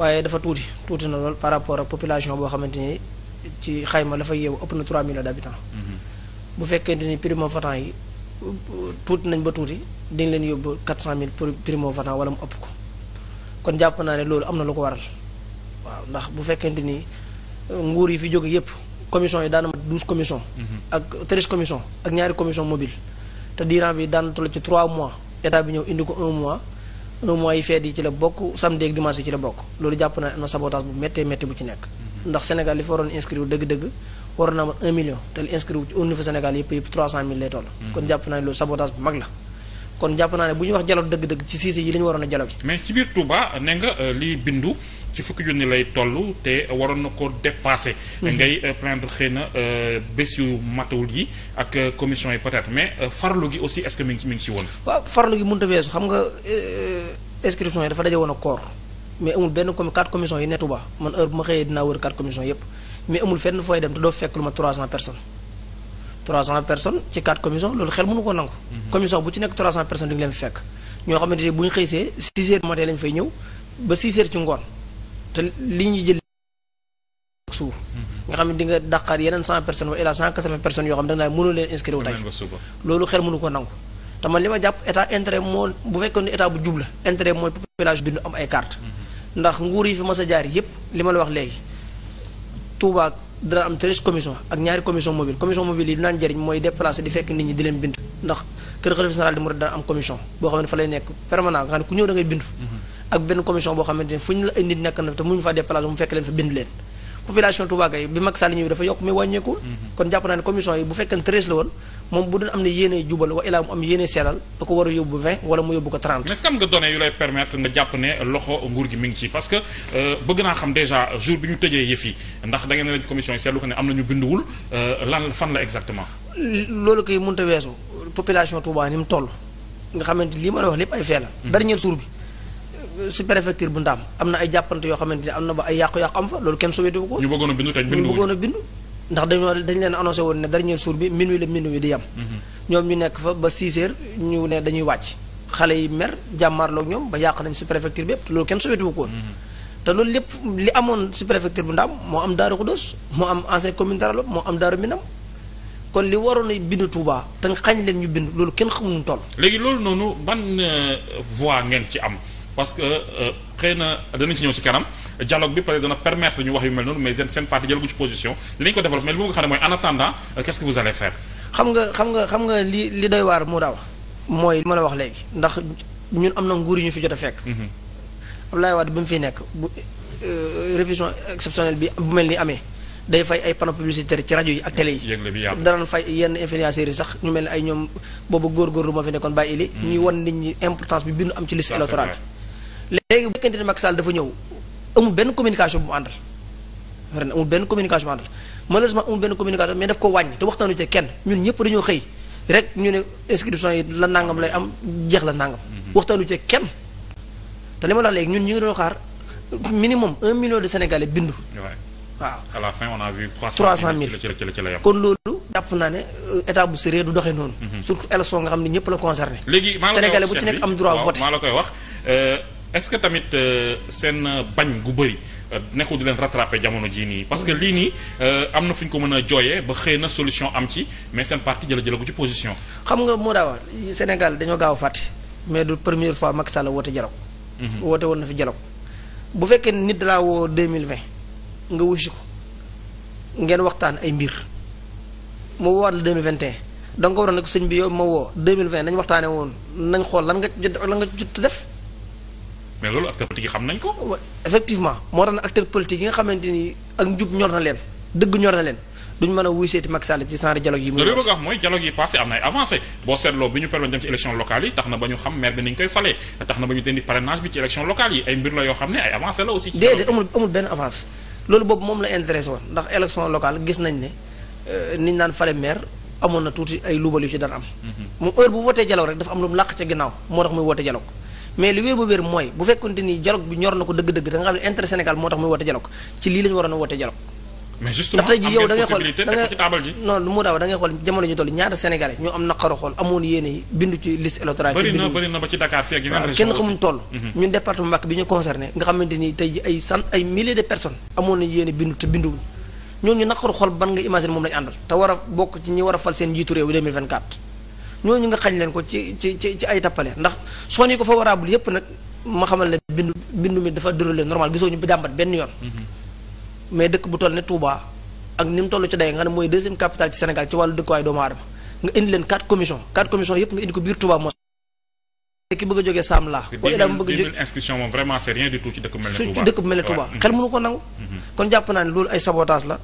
waaye dafa tuuti tuuti na lool par rapport ak population boo xamante ni ci xayma dafa yeewu ëpp na 3 millions d'habitants. Mhm. bu fekkente ni primo votant yi tuuti nañ ba tuuti dañ leen yóbbu 400000 pour primo votant wala mu ëpp ko kon jàpp naa ne loolu am na lu ko waral waaw ndax bu fekkente ni euh, nguur yi fi jóge yépp commission yi daan na mat commission mhm. ak 13 commission ak ñaari commission mobile te diiran bi daan toll ci 3 mois état bi ñëw indi ko 1 mois. un mois yi feet yi ci la bokk samedi ak dimanche yi ci la bokk loolu jàpp naa am na sabotage bu méttee métti bu ci nekk mhm. ndax Sénégal li fa waroon inscrire dëgg-dëgg waroon na am 1 million te li inscrire ci au niveau Sénégal yëpp yëpp 300000 lay toll mhm. kon jàpp naa loolu sabotage bu mag la kon jàpp naa ne bu ñu wax dialogue dëgg-dëgg ci Cissé yi la ñu waroon a dialogue mais ci biir Touba ne euh, liy bindu ci fukki junni lay toll te waroon na ko dépasser. Mhm. ngay euh, plaindre xëy na euh, bés yu matawul yi ak commission yi peut mais farlu gi aussi est mi ngi ci mi ngi woon. waaw farlu gi mënut a weesu xam nga inscription yi dafa daje woon ak mais amul benn commission yi ne Touba man heure bu ma xëyee dinaa wër quatre commission yépp mais amul fenn fooy dem te 300 personnes ci 4 commission loolu xel mënu ko nangu. Mhm. commission bu ci nekk 300 personnes di leen fekk ñoo xamante ne bu ñu xëysee 6 heures te li ñuy jël suur. Mhm. nga xam ne di nga dàqaar yeneen 100 personnes wala 180 personnes yoo xam ne da nga mënul leen inscrire tey loolu xel mënu ko nangu. te li ma jàpp état intérêt moo bu fekkoon ne état bu jub la intérêt mooy population bi am ay carte mhm. ndax nguur yi fi mas li ma wax léegi dana am treize commission ak ñaari commission mobile commission mobile yi dinaan jëriñ mooy déplacé di fekk nit ñi di leen bind ndax kër xalifa général di mu dana am commission boo xam ne fa lay nekk permanent xam ne ku ñëw da bindu mm-hmm. ak benn commission boo xamante ne fu ñu la ay nekk na te mënuñu faa déplacé mu fekk leen fa bind leen population Touba kay bi Macky Sall ñëw dafa yokk mais wàññeekul mm-hmm. kon jàpp naa ne commission yi moom bu doon am na yéene jubal wa ilaa mu am yéene seelal da ko war a yóbbu 20 wala mu yóbbu ko 30. mais est que nga données yu lay permettre nga jàpp ne loxo nguur gi mi ngi ci parce que euh, bëgg naa xam déjà jour bi ñu ndax da ngeen ne lañ commission yi seetlu ko ne am na ñu binduwul euh, lan fan la exactement. mu toll nga xamante li ma la wax lépp ay fee la. Hmm. dernier jour bi. Euh, si préfecture bu Ndaam am na ay jàppante yoo xamante ne am na ba ay yàqu-yàqu am fa loolu kenn soweetu ko. ñu bëggoon a bindu tey bindu ñu bëggoon a bindu ndax dañoo dañ leen annoncé woon ne dernier jour bi minuit la minuit di yem. Mhm. ñoom ñu nekk fa ba 6 heures ñu ne dañuy wàcc. xale yi mer jàmmaarloog ñoom ba yàq nañ si préfecture bi yëpp loolu kenn sowétu wu ko mhm. te loolu lépp li amoon si préfecture bu ndaam moo am Daaru Xudoos moo am ancien commune Daralo moo am Daaru Minam kon li waroon a bind Touba te xañ leen ñu bind loolu kenn xamuñu toll. léegi loolu noonu ban euh, voie ngeen ci am. parce que euh, xëy na danañ ci ñëw ci kanam dialogue bi peut être dana permettre ñu wax yu mel noonu mais seen seen parti jëlagu ci position dinañ ko développer mais li ma ko xam ne mooy en attendant euh, xam nga xam nga xam nga li li doy waar mu daaw mooy li ma la wax léegi ndax ñun am na nguur yu ñu fi jot a fekk. Mm-hmm. Abdoulaye Wade bi mu fi nekk bu euh, révision exceptionnelle bi bu mel ni amee day fay ay panneaux publicitaires ci rajo yi ak télé yi. danañ fay yenn influenceurs yi sax ñu mel ni ay ñoom boobu góorgóorlu moo fi nekkoon bàyyi li mm-hmm. ñi importance bi bindu am ci liste électorale léegi bu fekkente ne Macky Sall dafa ñëw amul benn communication bu mu àndal ren amul benn communication bu mu àndal amul benn communication mais daf ko wàññi te waxtaanu ci kenn ñun ñëpp dañoo xëy rek ñu ne inscription yi la nangam lay am jeex la nangam. Mhm. waxtaanu ci kenn te li ma la ñun ñu ngi doon xaar minimum un million de sénégalais bindu. waaw à a vu. 300000 300 kon loolu jàpp naa ne euh, état bu sérieux mhm. nga xam ne ñëpp la concerné. léegi maa la koy wax sénégalais bu maa la koy wax. Euh, est-ce que tamit euh, seen euh, bañ gu bari euh, nekkul di leen rattraper jamono jii nii parce que lii nii am na fu ñu ko mën a jooye ba xëy na solution am ci mais seen parti jëla jëla ko ci position. xam nga moo daawa Sénégal dañoo gaaw a fàtte mais du première fois Macky Sall woote dialogue. Mhm. woote woon na fi dialogue. bu fekkee nit da laa mille 2020 nga wusi ko ngeen waxtaan ay mbir mu woowaat la 2021 da sëñ bi yow ma woo 2020 nañ waxtaanee woon nañ xool lan nga jot nga jot def. mais loolu acteur politique yi xam nañ ko. effectivement moo tax acteur politique yi nga xamante ak njub ñor na leen dëgg ñor na leen duñ mën a wuy seeti Macky Sall ci genre dialogue yi. muy bëgg a wax mooy dialogue yi passé am na ay avancé boo seetloo bi ñu permettre dem ci élection locale yi tax na ba ñu xam maire bi ni ñu koy falee tax na ba ñu dindi parrainage bi ci élection locale yi ay mbir la yoo xam ne ay avancé la aussi. ci déedéet amul amul benn avance loolu boobu moom la intéressé mais li wér ba wér mooy bu fekkonte ni dialogue bi ñor na ko dëgg-dëgg da nga xam ne intérêt Sénégal moo tax muy woote dialogue ci lii la waroon a woote dialogue mais lu mu daaw da xool jamono ñu toll ñaata sénégalais ñoo mhm. bi ñu concerné nga xamante ni tey ay cent ay milliers de personnes amoon nañu yéene bindu te binduwuñ ñooñu naqaru xool ban nga imaginer moom lañu àndal te war a bokk ci ñi war a fal seen njiitu réew ñooñu nga xañ leen ko ci ci ay tappale ndax soo ko favorable yépp nag ma xamal ne bindu bindu mi dafa déroulé normal gisoo ñu bi dàmbat benn yoon mm-hmm. mais dëkk bu toll ne Touba ak ni mu toll ci day nga ne mooy deuxième capitale ci Sénégal ci wàllu dëkkuwaay doomu aadama nga indi leen quatre commission quatre commission yépp nga indi ko biir Touba moo ki bëgg a jógee Saam laa wala mu bëgg a jógee inscription moom vraiment ci dëkk bu mel ne xel mënu ko nangu mm-hmm. kon jàpp naa